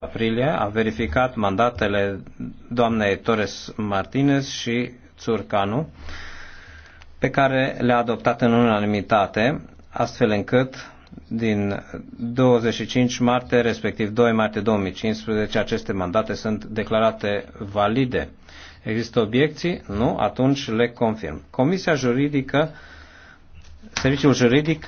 aprilie a verificat mandatele doamnei Torres Martinez și Țurcanu, pe care le-a adoptat în unanimitate, astfel încât din 25 martie, respectiv 2 martie 2015, aceste mandate sunt declarate valide. Există obiecții? Nu? Atunci le confirm. Comisia juridică, serviciul juridic